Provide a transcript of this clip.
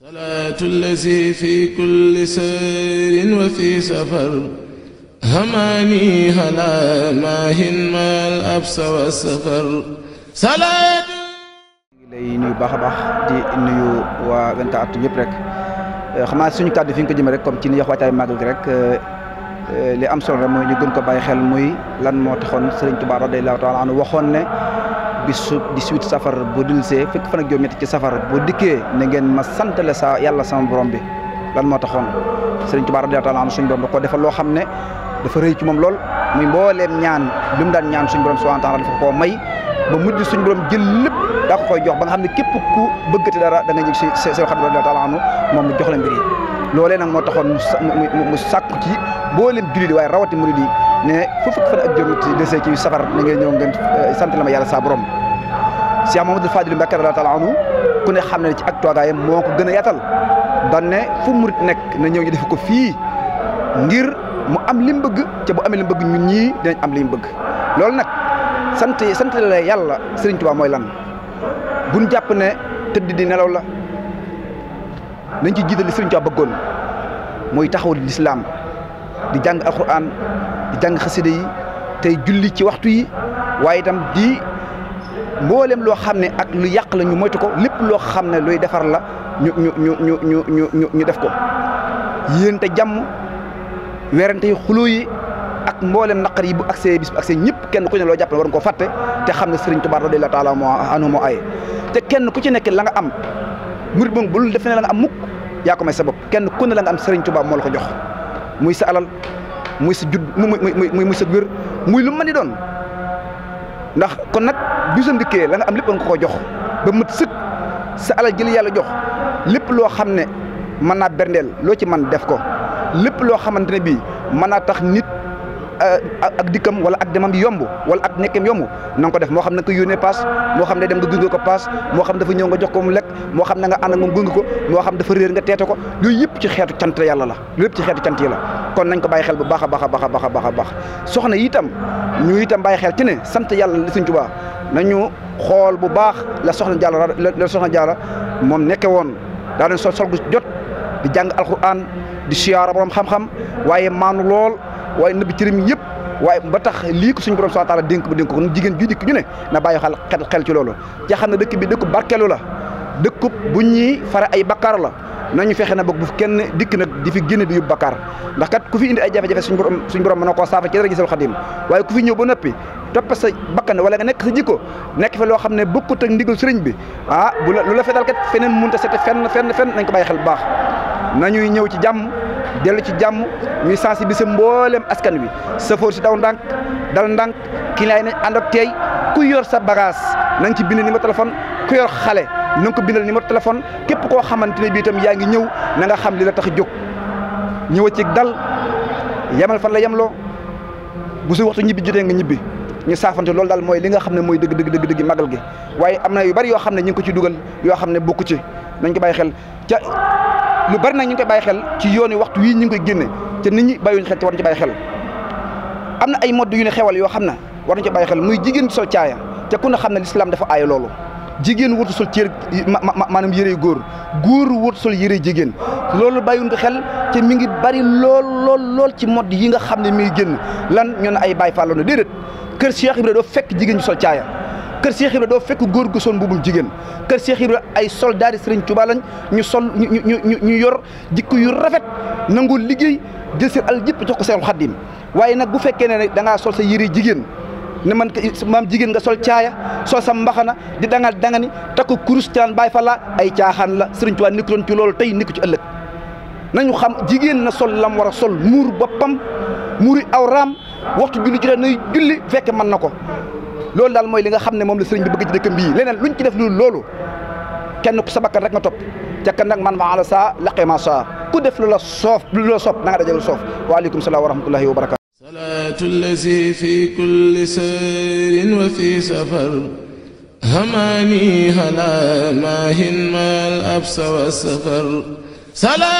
salaatu lazi fi kulli sayrin wa fi safar hamaani halaa maahin maal absa wa safar salaatu ngi lay nuyu baax a baax di nuyu waa 24actu ñëpp rek xamaa suñu kàddu fi ñu ko jëmee rek comme ci ni yox waataay gi rek li am solo rek mooy ñu gën ko bàyyi xel muy lan moo taxoon Sëriñ Tuubaa radiyallaahu taala anhu waxoon ne bisu 18 safar bu dilsee fekk fan ak juróom ci safar bu dikkee na ngeen ma santale sa yàlla sama borom bi lan moo taxoon sëriñ Tuubaa radiyallaahu taala am suñ borom da ko defal loo xam ne dafa rëy ci moom lool boo leen ñaan li daan ñaan suñ borom subhaanahu wa taala dafa koo may ba mujj suñ borom jël lépp daa ko jox ba nga xam ne képp ku bëggati dara da nga ñëw si seen xam ne radiyallaahu taala moom mu jox la mbir yi loolee nag moo taxoon mu sàkku ci mbooleem jullit yi waaye rawati murid yi ne fu fukk fan ak juróom ci desee ci safar na ngeen ñëw ngeen eh, sant la ma yàlla saa borom Cheikh Mamadou Fadil Mbacké radiyallahu taala anhu ku ne xam ne ci ak toogaayam moo ko gën a yaatal daan ne fu murit nekk na ñëw ñu def ko fii ngir mu am li mu bëgg ca bu amee li mu bëgg ñun ñii dinañ am li mu bëgg loolu nag sant sant la yàlla Serigne mooy lan buñ jàpp ne tëdd di nelaw la nañ ci jiital li Serigne Touba bëggoon mooy taxawal lislaam di jàng alxuraan di jàng xasida yi tey julli ci waxtu yi waaye itam di mboolem loo xam ne ak lu yàq la ñu moytu ko lépp loo xam ne luy defar la ñu ñu ñu ñu ñu ñu ñu def ko. yéente jam werante yi xuloo yi ak mboolem naqar yi bu agsee bis bu agsee kenn ku ne loo ne war nga koo fàtte te xam ne Sëriñ Tuubaa radiyallaahu taala moo anu ay kenn ku ci nekk la nga am murit moom bul def ne la am mukk yaa ko may sa bopp kenn ku ne la am Sëriñ Tuubaa moo ko jox muy sa alal. muy sa judd muy muy muy sa wér muy lu mu mën di doon ndax kon nag bi sa ndikkee la am lépp nga ko jox ba mët sëkk sa alal jëli yàlla jox lépp loo xam ne mën naa berndeel loo ci man def ko lépp loo xamante ne bii mën naa tax nit. Euh, ak dikkam wala ak demam yomb wala ak nekkem yomb na ko def moo xam ne ko yónnee paas ne dem nga gunge xam dafa ñëw nga jox ko mu lekk moo xam ne nga ànd ak moom gunge ko moo xam dafa réer nga teete ko yooyu yëpp ci xeetu cant yàlla la yëpp ci xeetu cant yi la kon nañ ko bàyyi xel bu baax a a baax a baax a baax a baax soxna yi itam ñu itam ci ne sant yàlla li Sëñ Tuubaa nañu xool bu baax la soxna Jaara la soxna Jaara moom nekke woon daa doon sol sol gu jot di jàng alquran di siyaara borom xam-xam waaye maanu lool waaye nëbb cërëm yëpp waaye ba tax lii ko suñu borom subhaanahu wa taala dénk ba dénk dikk ñu ne na bàyyi xel xel xel ci loolu ci xam ne dëkk bi dëkk barkeelu la dëkkub bu ñuy fare ay bakkaar la fexe na boog bu kenn dikk nag di fi génn di yóbbu bakkaar ndax kat ku fi indi ay jafe-jafe suñu borom suñu borom mën na koo saafa ci dara gisal xadim waaye ku fi ñëw ba noppi topp sa bakkan wala nga nekk sa jikko nekk fa loo xam ne bokkut ak ndigal sëriñ bi ah bu la lu la fetal kat feneen mënut a sete fenn fenn fenn nañ ko bàyyi xel bu baax nañuy ñëw ci jàmm dellu ci jàmm ñuy sensibiliser mboolem askan wi safoor si daw ndànk dal ndànk client yi nañ ànd ak ku yor sa bagage na ci bind ni numéro téléphone ku yor xale na nga ko bindal numéro téléphone képp koo xamante ne bii itam yaa ngi ñëw na nga xam li la tax a jóg ñëw ci dal yemal fan la yemloo bu su waxtu ñibbi jotee nga ñibbi ñu saafante lool daal mooy li nga xam ne mooy dëgg dëgg dëgg magal gi waaye am na yu bari yoo xam ne ñu ngi ko ci dugal yoo xam ne bokku ci nañ ko bàyyi xel ca lu bari nag ñu ngi koy bàyyi xel ci yoon yi waxtu wii ñu ngi koy génne te nit ñi bàyyiwuñ xel te war nañ ci bàyyi xel am na ay modd yu ne xewal yoo xam ne war nañ ci bàyyi xel muy jigéen sol caaya te ku ne xam ne lislaam dafa aay loolu jigéen wurtu sol ma maanaam yërey góor góor wurtu sol yërey jigéen loolu bàyyiwuñ ko xel te mi ngi bari lool lool lool ci modd yi nga xam ne mi ngi génn lan ñu ne ay Baay Faal la déedéet kër Cheikh Ibrahima doo fekk jigéen ñu sol kër Cheikh Ibra doo fekk góor gu sol mbubul jigéen kër Cheikh Ibra ay soldaari Serigne Touba ñu sol ñu ñu ñu yor jikko yu rafet nangu liggéey jël seen al jëpp jox ko seen xaddim waaye nag bu fekkee ne da danga sol sa yëre jigéen ne man maam jigéen nga sol caaya sol sa mbaxana di danga dangani takku kurus ci baay fa laa ay caaxaan la Serigne Touba nekkuloon ci loolu tey nekku ci ëllëg nañu xam jigéen na sol lam war a sol muur boppam muuri awraam waxtu julli jotee nay julli fekk mën na ko loolu daal mooy li nga xam ne moom la sëriñ bi bëgg ci dëkkam bii leneen luñ ci def lu loolu kenn ku sa bakkan rek nga topp ca kan nag man maa ala saa laqee maa saa ku def lu la soof lu la soof na nga dajal soof waaleykum salaam wa rahmatullahi wa barakaatu. salaatu lazi fi kulli sayrin wa fi safar hamaani hala maahin maal absa wa safar